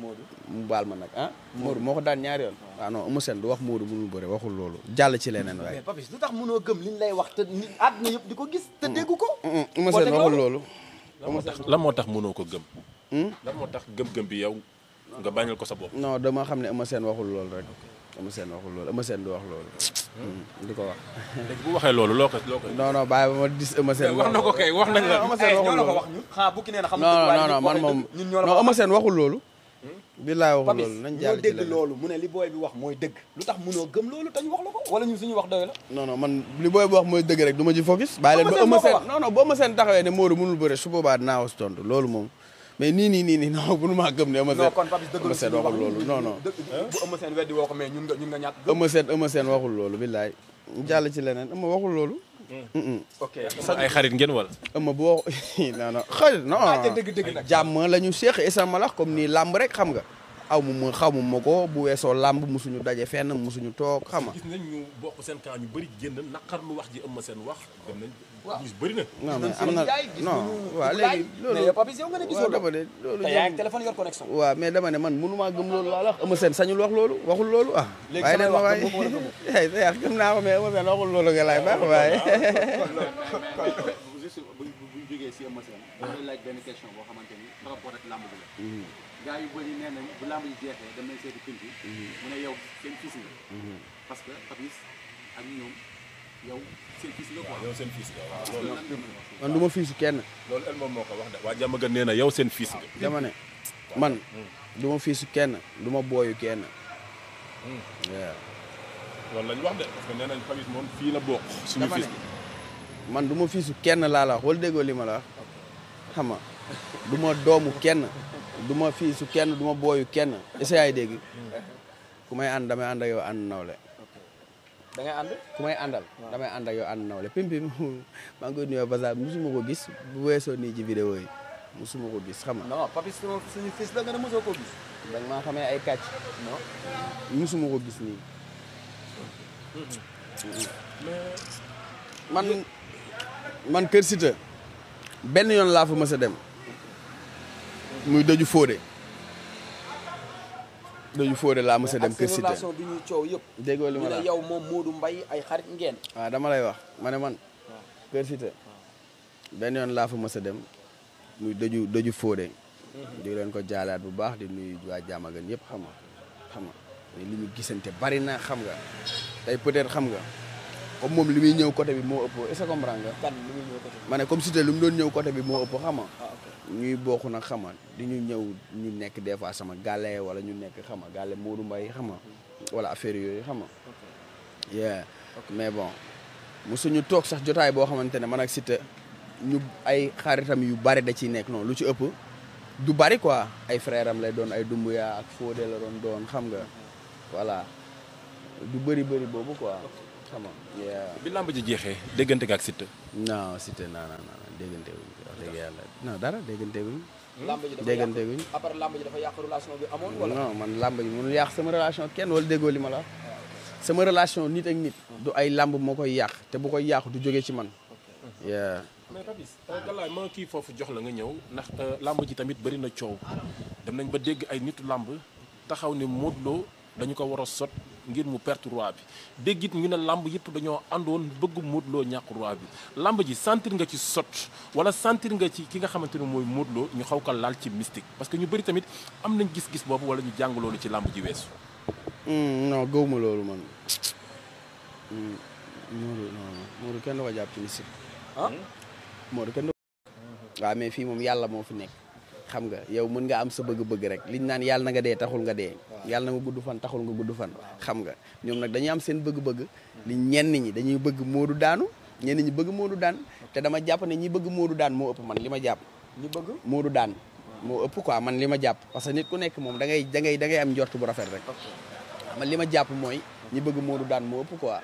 mu baal ma nag ah. Modou moo ko daan ñaari yoon. waaw ah, non Eumeu Sène wax Modou mënul bëre waxul loolu jàll ci leneen waaye. mais Papis lu tax mënoo gëm liñ lay wax ko gis. te déggu ko. Eumeu Sène moo tax mënoo ko gëm. Hmm? lan moo tax gëm-gëm bi yow nga ko sa bopp. non dama xam ne Eumeu Sène waxul loolu rek. Eumeu Sène waxul loolu Eumeu wax loolu. Hmm, ko wax. léegi bu loo loo ko. non ba ma dis Eumeu Sène. wax na ko kay wax na xam nga. non non non man waxul loolu Hmm? bi laa wax loolu nañ jàll ci dégg loolu mu ne li booy bi wax mooy dëgg lu tax mënoo gëm loolu tañ wax la ko wala ñun suñu wax doy la man li booy bi wax mooy rek du ma ci focus bàyyi leen ba ëma seen non non ba ëma seen taxawee ne boobaa dinaa was tontu loolu moom mais nii nii nii nii non mënu maa gëm ne ëma seen kon Papis dëgg ëma seen waxul woo ko mais ñun nga seen ëma seen loolu billaay jàll ci leneen ëma waxul loolu ok ay xarit ngeen wala. ma boo non non xarit non. Ah, jàmm la ñu seex isa ma lax comme nii làmb rek xam nga. aw ma ma xaw ma ma bu weesoo làmb musuñu daje fenn musuñu toog xam nga. ñu bokk seen camp ñu bëri génn naqar lu wax ji ëmma seen wax gis bëri na. non mais am na non waaw léegi. loolu Papis yow dama ne mais dama man mënu maa gëm loolu laa la wax. Eumeu Sène sañul wax loolu waxul loolu ah. waaye nag ma gëm naa ko mais Eumeu waxul loolu nga laay baax waaye. si Eumeu Sène. dañuy laaj boo xamante ni par rapport ak lamb bi la. Mhm. gars mhm. mhm. parce que yow seen fils man du ma fiisu kenn loolu el moo ko wax de waa jàmm gën na yow seen fils nga dama ne hmm. kenn du ma booyu kenn hmm. loolu lañ fii la bokk suñu man duma ma fiisu kenn laa la wax wala déggoo li ma la wax xam nga du ma doomu kenn du ma fiisu kenn duma ma booyu kenn essaye ay dégg hmm. ku may ànd damay ànd ak yow nawle da ngay ànd ku may àndal damay ànd ak yow ànd nawle pimpim maa ngi koy nuyoo basaab musuma ko gis bu weesoo nii ci vidéo yi musuma ko gis xam ay kàcc non nii man man kër Siteu benn yoon laa fa mës a dem muy dëju fóode dañu fóode laa mos a dem kër Cité relation yëpp. déggoo li ma moom Modou Mbaye ay xarit ngeen. waaw ah, dama lay wax ma ne man. kër ah. benn yoon laa fa mos a dem muy daju daju fóode. Mhm. di leen ko jaalaat bu baax di nuyu waa Diamaguène yëpp xam nga xam nga mais li ñu gisante bari na xam nga tey peut xam nga comme moom li muy ñëw côté bi moo ëpp est-ce que comprendre nga. ñëw côté bi ne comme Cité lu mu doon ñëw côté bi moo ëpp xam ñuy bokk nag xama di ñu ñëw ñu nekk des fois sama gàlle wala ñu nekk xama gàlle Modou Mbaye xama wala affaire yooyu xama yeah mais bon mosuñu toog sax jotaay boo xamante ne man ak Siteu ñu ay xaritam yu bari da ciy nekk noonu lu ci ëpp du bari quoi ay frère lay doon ay Dumbuya ak Fodé la doon doon xam nga voilà du bëri bëri boobu quoi xam nga. bi làmb ji jeexee déggante nga ak Siteu. non Siteu non non non déggante wu dëgg yàlla non dara dégganteeguñu. Hmm? làmb ji dafa dégganteeguñ après làmb ji dafa yàq relation bi amoon wala. non man làmb ji mënul yàq sama relation kenn wala déggoo li ma la sama relation nit ak nit. du ay làmb moo koy yàq te bu koy yàq du jógee ci man. mais Papis euh, ma kii foofu jox la nga ñëw ndax euh, làmb ji tamit bëri na coow dem nañ ba dégg ay nitu làmb taxaw ne Modou dañu ko war sot ngir mu perte roi bi déggit ñu ne làmb yëpp dañoo àndoon bëgg Modou Lo ñàkk roi bi lamb ji sentir nga ci sot wala sentir nga ci ki nga xamante ne mooy Modou ñu xaw ko laal ci mystique parce que ñu bëri tamit am nañ gis-gis boobu wala ñu jàng loolu ci lamb ji weesu. Hmm, non gëwuma loolu man hmm, Modou kenn du ko jàpp ci mystique. ah hmm? Modou kenn du waaw mais fii moom yàlla moo fi nekk. xam nga yow mën nga am sa bëgg-bëgg rek liñ naan yàlla na nga dee taxul nga dee yal na nga gudd fan taxul nga gudd fan xam nga ñoom nag dañuy am seen bëgg-bëgg li ñenn ñi dañuy bëgg moodu daanu ñenn ñi bëgg moodu daan te dama jàpp ne ñi bëgg moodu daan moo ëpp man li ma jàpp ñi bëgg moodu daan moo ëpp quoi man li ma jàpp parce que nit ku nekk moom dangay ngay da am njort bu rafet rek man li ma jàpp mooy ñi bëgg moodu daan moo ëpp quoi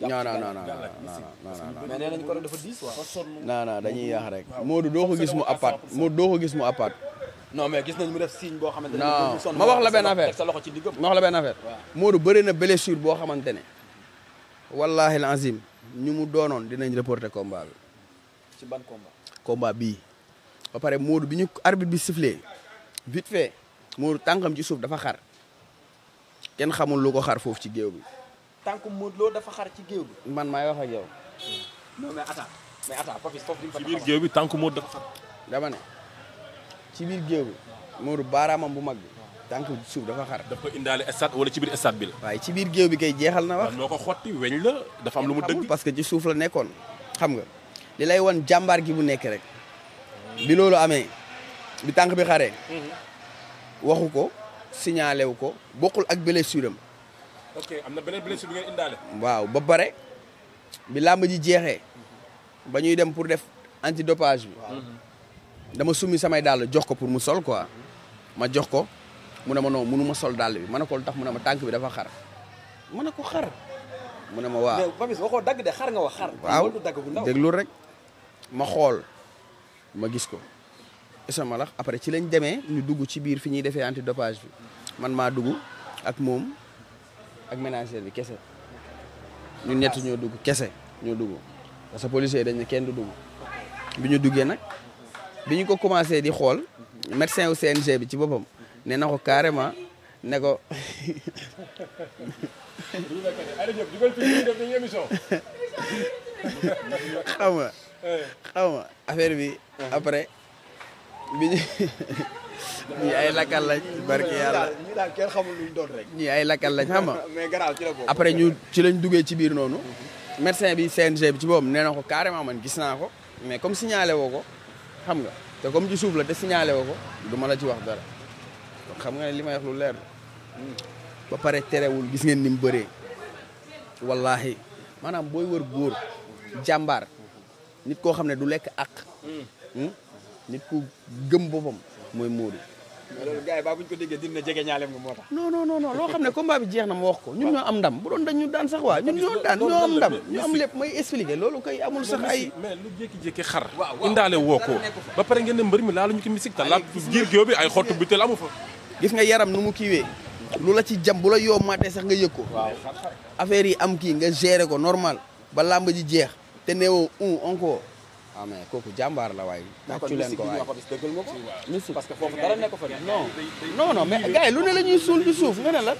non non non non mais nee nañ ko dafa diis waaw. dañuy rek. Modou doo ko gis mu appaat Modou doo ko gis mu appaat. non mais gis nañ mu def signe boo xamante ne. non ma wax la benn affaire sa loxo ci diggam ma wax la benn na blessure boo xamante ne. wallaahi ñu mu doonoon dinañ reporter combat bi. ci ban combat. combat bii. ba pare Modou bi ñu arbitre bi sifflé vite fait Modou tànkam ci suuf dafa xar kenn xamul lu ko xar foofu ci géew bi. tànk Modou Lo dafa xar ci géew bi. man maay wax ak yow. non mais attends mais géew bi tànk Modou dafa xar. ci biir géew bi Modou baaraamam bu mag bi. tànk suuf dafa xar. dafa indaale stade wala ci biir stade bi la. waaye ci biir géew bi kay jeexal na wax. waaw noo ko xotti weñ la dafa am lu mu dëgg. parce que ci suuf la nekkoon xam nga li lay wan jàmbaar gi bu nekkee rek bi loolu amee bi tànk bi xaree. Mhm. waxu ko signalé ko bokkul ak blessure am ok am na beneen blessure bi ngeen waaw ba pare bi làmb ji jeexee ba ñuy dem pour def antidopage bi. dama summi samay dàll jox ko pour mu sol quoi ma jox ko mu ne ma non mënu ma sol dàll bi man ne ko lu tax mu ne ma tànk bi dafa xar ma ne ko xar. mu ne ma waaw mais Papis dagg de xar nga wax xar. waaw déglu rek ma xool ma gis ko. ma lax après ci lañ demee ñu dugg ci biir fi ñuy defee antidopage bi man maa dugg ak moom. ak ménagère bi kese ñun ñett ñoo dugg kese ñu dugg parce que policiers dañ ne kenn du dugg bi ñu duggee nag bi ñu ko commencé di xool médecin wu CNG bi ci boppam nee na ko carrément ne ko xam nga xam affaire bi après bi ñu ñii ay lakkal lañ. barke yàlla ñii doon rek. ñii ay lakkal lañ xam nga. mais garaaw après ñu ci lañ duggee ci biir noonu. médecin bi CNG bi ci boobu nee na ko carrément man gis naa ko mais comme signalé woo ko xam nga te comme ci suuf la te signalé woo ko du ma la ci wax dara kon xam nga ne li ma wax lu leer ba pare terewul gis ngeen ni mu bëree wallaahi maanaam booy wër góor jàmbaar nit koo xam ne du lekk ak mm. hmm? nit ku gëm boppam. mooy Modou. mais loolu gars yi ba bu ñu ko déggee dina jege ñaaleem nga moo tax. non non non loo xam ne combat bi jeex na ma wax ko ñun ñoo am ndam bu doon dañ ñu daan sax waa ñun ñoo daan ñoo am ndam ñu am lépp may expliquer loolu kay amul sax ay. mais lu jékki-jékki xar. indaale woo ko ba pare ngeen ne mbër mi laalu ñu ko misik ta laal giir géew bi ay xottu butéel amu fa. gis nga yaram nu mu kiiwee lu la ci jam bu la yombaatee sax nga yëg ko. affaire yi am kii nga gérer ko normal ba làmb ji jeex te neewoo un encore ah mais kooku jàmbaar la waaye. tàccu leen ko waaye parce que foofu dara nekk fa non non non mais lu ne la suul ci suuf nga ne la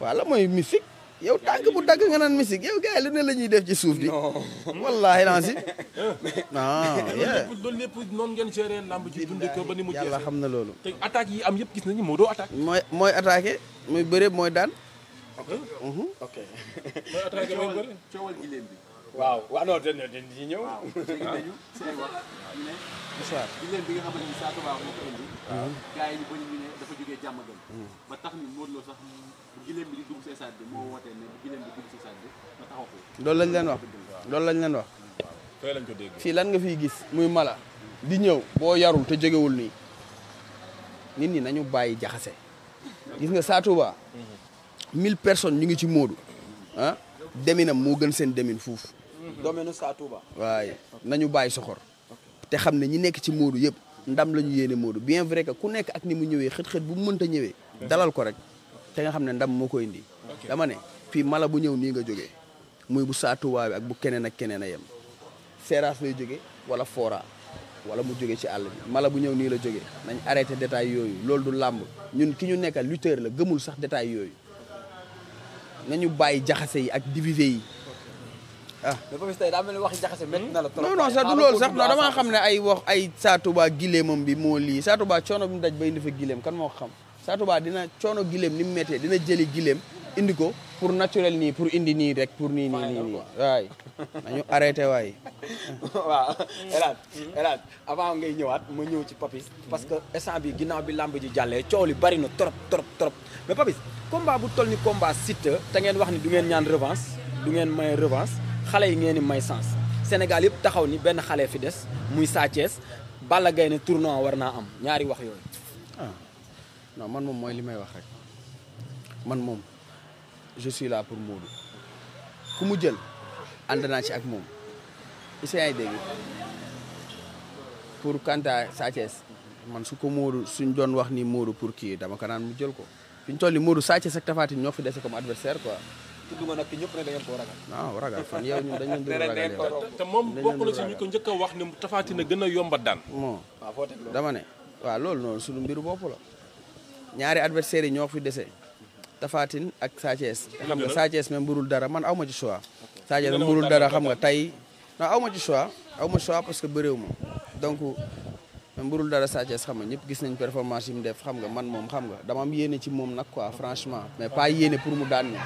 waaw la mooy musique yow tànk bu dagg nga naan musique yow gars lu ne la ñuy def ci suuf di. wallaahi naa si. ah loolu lépp noonu xam na loolu. te attaques yi am yëpp gis nañu moo doo mooy mooy attaqué muy bëree mooy daan. ok mhm. ok. waaw waaw non dinañ ñëw. waaw dégg nañu seen wax hmm. loolu lañ leen wax loolu lañ leen wax. tey lañ fii lan nga fiy gis muy mala. di ñëw boo yarul te jógewul nii. nit ñi nañu bàyyi jaxase. gis nga saa tubaab. Hmm. mille personnes ñu ngi ci Modou. ah deminam moo gën seen demin fuuf. domaine Sa Touba. waay nañu bàyyi soxor. te xam ne ñi nekk ci Modou yëpp ndam lañu ñu yéene bien vrai que ku nekk ak ni mu ñëwee xët-xët bu mu mënta ñëwee. dalal ko rek te nga xam ne ndam moo koy indi. dama fii mala bu ñëw nii nga jógee muy bu Sa Touba ak bu keneen ak keneen a yem. Seras lay jóge wala foora wala mu jóge ci àll bi mala bu ñëw nii la jógee nañ arrêté détail yooyu loolu du làmb ñun ki ñu nekka lutteur la gëmul sax détail yooyu nañu bàyyi jaxase yi ak diviser yi. dafa bis tey daa mel na la trop non non sax du loolu sax non damaa xam ne ay wax ay saatubaa gileemam bi moo lii saatubaa coono bi mu daj bay indi fa gileem kan moo xam saatubaa dina coono gileem ni mu méttee dina jëli gileem indi ko pour naturel nii pour indi nii rek pour nii nii nii nii waay nañu arrêté waay waaw Elhadj Elhadj avant ngay ñëwaat ma ñëw ci Papis parce que instant bi ginnaaw bi làmb ji jàllee coow li bari na trop trop trop mais Papis combat bu toll ni combat Siteu te ngeen wax ni du ngeen ñaan revanche du ngeen may revanche xale yi ngeen di may sens Sénégal yëpp taxaw ni benn xale fi des muy Sa bala Balla Gaye ne war naa am ñaari wax yooyu. ah man moom mooy li may wax rek man moom je là pour Modou ku mu jël ànd naa ci ak moom is ay dégg pour Kanta Sa Thiès man su ko Modou suñ doon wax ni Modou pour kii dama ko naan mu jël ko fi ñu toll nii Modou Sa Thiès ak Tapha ñoo fi dese comme adversaire quoi. tudd nga nag ñëpp ah, dañ leen dul ragal te moom bokk na si ñu ko a a yomba daan bon ah, dama ne waaw loolu noonu suñu mbiru bopp la ñaari adversaires yi ñoo fi dese Tapha ak Sa xam nga Sa Thiès même burul dara man aw ma ci choix Sa Thiès même dara xam nga tey non aw ma ci choix aw ma choix parce que bëréew ma donc même burul dara Sa Thiès xam nga ñëpp gis nañ performance yi mu def xam nga man moom xam nga dama am yéene ci moom nag quoi franchement mais pas yéene pour mu daan ñu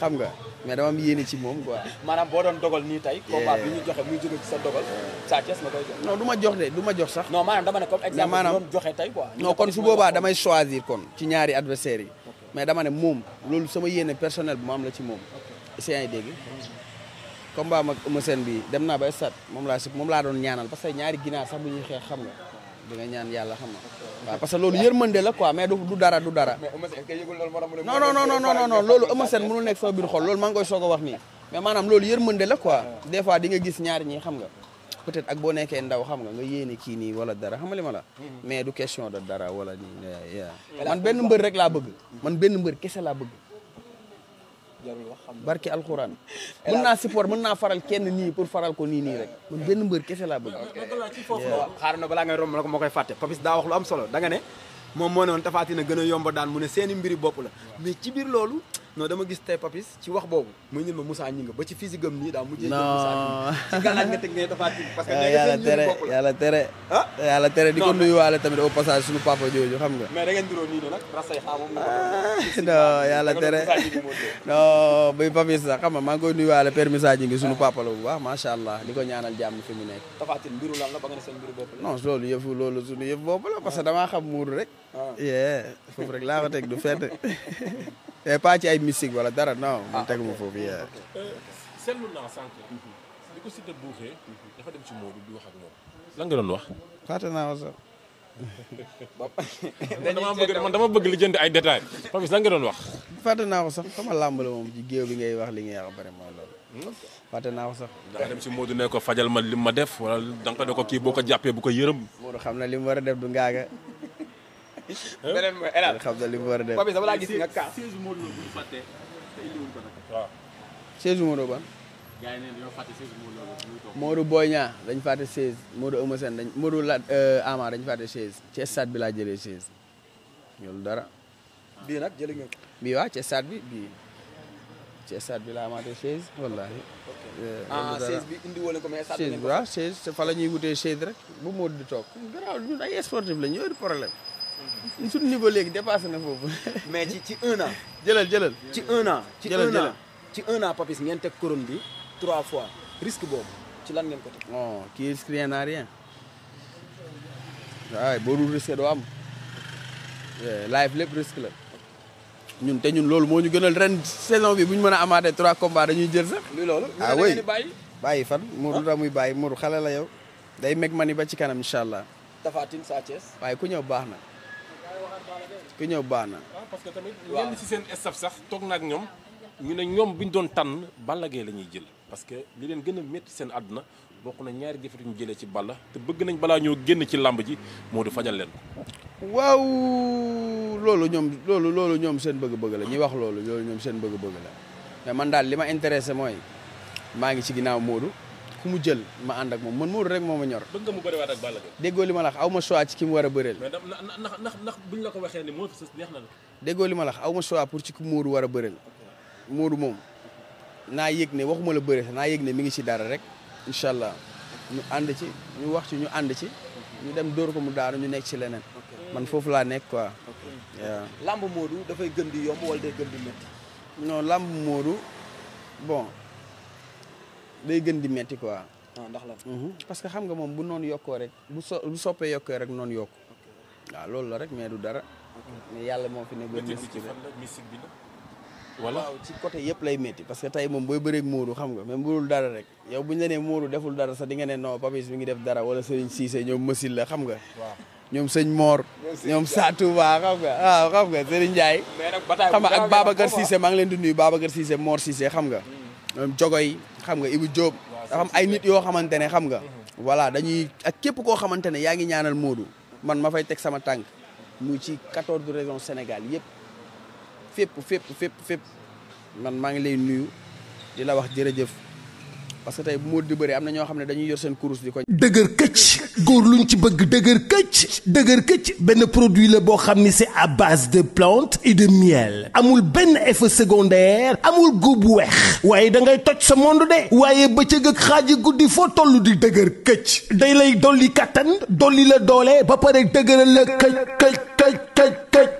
xam nga mais dama am yéene ci moom quoi. maanaam boo doon dogal nii tey. Eh. combat bi ñu joxe muy jóge ci sa dogal. Sa Thiès nga koy jox. du ma jox de du ma jox sax. non maanaam dama ne comme exemple bi doon joxe tey quoi. non kon su boobaa damay choisir kon ci ñaari adversaires yi. mais dama ne moom loolu sama yéene personnel bu ma am la ci moom. ok si yaa ngi dégg. combat mag Eumeu Sène bi dem naa ba sat moom laa si moom laa doon ñaanal parce que ñaari ginaar sax bu ñuy xeex xam nga di nga ñaan yàlla xam nga. waaw parce que loolu yërmande la quoi mais du dara du dara. non non non loolu Eumeu Sène mënul nekk sama xol loolu maa ngi koy soog a wax nii. mais maanaam loolu yërmande la quoi. des di nga gis ñaar ñi xam nga. peut-être ak boo nekkee ndaw xam nga nga yéene kii nii wala dara xam ma la. mais du question de dara wala nii. man benn mbër rek laa bëgg. man benn mbër kese laa bëgg. jarul wax xam barki alxuraan. mën naa support mën naa faral kenn nii pour faral ko nii nii rek man benn mbër kese laa bëgg. ok xaar na balaa ngay romb la ko moo koy fàtte Papis daa wax lu am solo da nga ne moom moo ne woon Tapha Tine a gën a yomb daan mu ne seeni mbiri bopp la mais ci biir loolu non dama gis tey papis ci wax boobu mu ñun ma Moussa ñi nga ba ci physique am nii daa mujjee jël Moussa ci gàllaaj nga parce que eh, yàlla tere yàlla tere ah yàlla tere di ko nuyuwaale tamit au suñu papa jooju xam nga mais da ngeen duróo nii nag rasay xaamam ah, non yàlla tere non buy papis sax xam maa ngi koy nuyuwaale père Moussa ñi ngi suñu papa la bu baax allah di ko ñaanal jàmm fi mu nekk tafaatin mbiru lan la ba nga loolu yëfu loolu suñu yëf bopp la parce que damaa xam rek ah. foofu rek laa fa du fenn mais pas ay mystique wala dara non. man ah, tegu ma foofu yéen. Euh, seetlu naa sànq. li ko Siteu buuxee. dafa wax ak moom. doon wax. fàtte naa ko sax. dama bëgg man dama bëgg li jënd ay détails. Papis lan naa ko sama làmb la moom ci bi ngay wax li ngay wax bare mooy loolu. Hmm? fàtte naa ko sax. da dem si Modou ne ko fajal ma lim ma def wala da nga ko ne ko kii boo ko jàppee bu ko yërëm. Modou xam na li mu a def du ngaaga. beneen mooy El laa gis nga kaas. 16 Modou Lo ban. gars yi dañ fàtte 16 Modou Eumeu Sène dañ Modou la euh, Ama dañ fàtte 16 ci stade bi laa jëlee 16 ñolu dara. bii nag jëlee nga ko. bii waa ci stade bi bii. ci stade bi la amaatee chaise wallaahi. Euh, ah chaise bi indi wala ko mais stade bi la ñuy wutee chaise rek bu Modou di toog. garaaw ñun ay sportif la ñu problème. suñu niveau léegi dépassé na foofu. mais ci ci un an. jëlal jëlal ci un an. ci un ci un an Papis ngeen teg koron bi trois fois risque boobu ci lan ngeen ko teg. non kii risque rien à boo dul risque doo am eh, live lépp risque la ñun te ñun loolu moo ñu gënal ren saison bi bu ñu mën a amaatee trois combats dañuy jël sax. luy loolu ah oui bàyyi fan. Ah. Modou da muy bàyyi Modou xale la yow. day meg mani ba ci kanam incha allah. Tapha Tine waaye ku ñëw baax na. ku ñëw baax na. waaw ah, parce que tamit ñenn ci seen staff sax toog na ak ñoom ñu ne ñoom bi ñu doon tànn Balla Gaye la ñuy jël. parce que li leen gën a métti seen àdduna bokk na ñaari jëfatu ñu jëlee ci Balla te bëgg nañ balaa ñoo génn ci làmb ji moo di fajal leen ko. waaw loolu ñoom loolu loolu ñoom seen bëgg-bëgg la ñuy wax loolu loolu ñoom seen bëgg-bëgg la mais man daal li ma intéressé mooy maa ngi ci ginnaaw Modou. ku mu jël ma ànd ak moom man Modou rek moo ma ñor. bëgg nga mu bëriwaat ak Balla li ma la wax aw ma choix ci ki mu war a bëreel. mais ndax ndax ndax buñ la ko waxee ni moo fi na la. déggoo li ma la wax aw ma pour ci ki Modou a bëreel. Modou moom naa yëg ne waxuma la bëre naa yëg ne mu ngi ci dara rek incha allah ñu ànd ci ñu wax ci ñu ànd ci. ñu dem dóor ko mu daanu ñu nekk ci leneen. man foofu laa nekk quoi. waaw lamb Modou dafay gën di yomb wala day gën di métti. non bon. day gën di metti quoi. Ah, ndax la. Mhm. parce que xam nga moom bu noon yokkoo rek bu so soppee yokkoo rek noonu yokku. waaw lool la rek mais du dara. mais yàlla moo fi ne ba mystique bi la wala ci côté yëpp lay métti parce que tey moom booy bëreeg Modou xam nga même bu dul dara rek yow bu ñu la nee Modou deful dara sax di nga ne non Papis mi ngi def dara wala Serigne Cissé ñoom Masil la xam nga. waaw ñoom sëñ moor ñoom Satouba xam nga waaw xam nga Serigne Ndiaye. mais xam nga ak Babacar Cissé ah. maa ngi leen di nuyu Babacar Cissé Mor Cissé xam nga. Mm. xam nga Ibu Diop dafa am ay nit yoo xamante ne xam nga mm-hmm. voilà dañuy ak képp koo xamante ne yaa ngi ñaanal moodu man ma fay teg sama tànk mu ci quatorze région Sénégal yëpp fépp fépp fépp fépp man maa ngi lay nuyu di la wax jërëjëf parce que tey bu mu di bëri am na ñoo xam ne dañuy yor seen kurus di ko. dëgër këcc góor lu ñu ci bëgg dëgër këcc dëgër këcc benn produit la boo xam ni c'est à base de plantes et de miel amul benn effet secondaire amul góob bu weex waaye da ngay toj sa monde de waaye bëccëg ak xaaji guddi foo toll di dëgër këcc day lay dolli kattan dolli la doole ba pare dëgëral la këcc këcc këcc këcc.